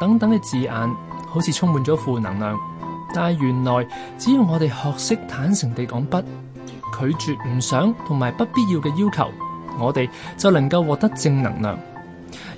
等等嘅字眼，好似充滿咗負能量。但係原來，只要我哋學識坦誠地講不，拒絕唔想同埋不必要嘅要求，我哋就能夠獲得正能量。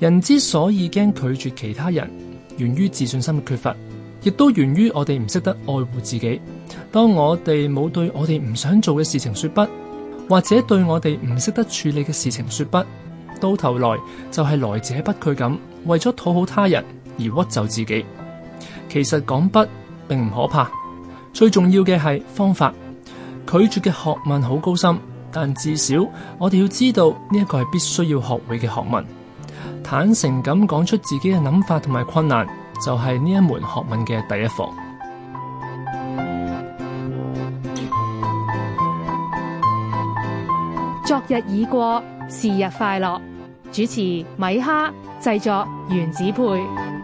人之所以驚拒絕其他人，源於自信心嘅缺乏，亦都源於我哋唔識得愛護自己。當我哋冇對我哋唔想做嘅事情說不，或者對我哋唔識得處理嘅事情說不，到頭來就係來者不拒咁，為咗討好他人。而屈就自己，其實講不並唔可怕。最重要嘅係方法。拒絕嘅學問好高深，但至少我哋要知道呢一個係必須要學會嘅學問。坦誠咁講出自己嘅諗法同埋困難，就係呢一門學問嘅第一課。昨日已過，是日快樂。主持米哈，製作原子配。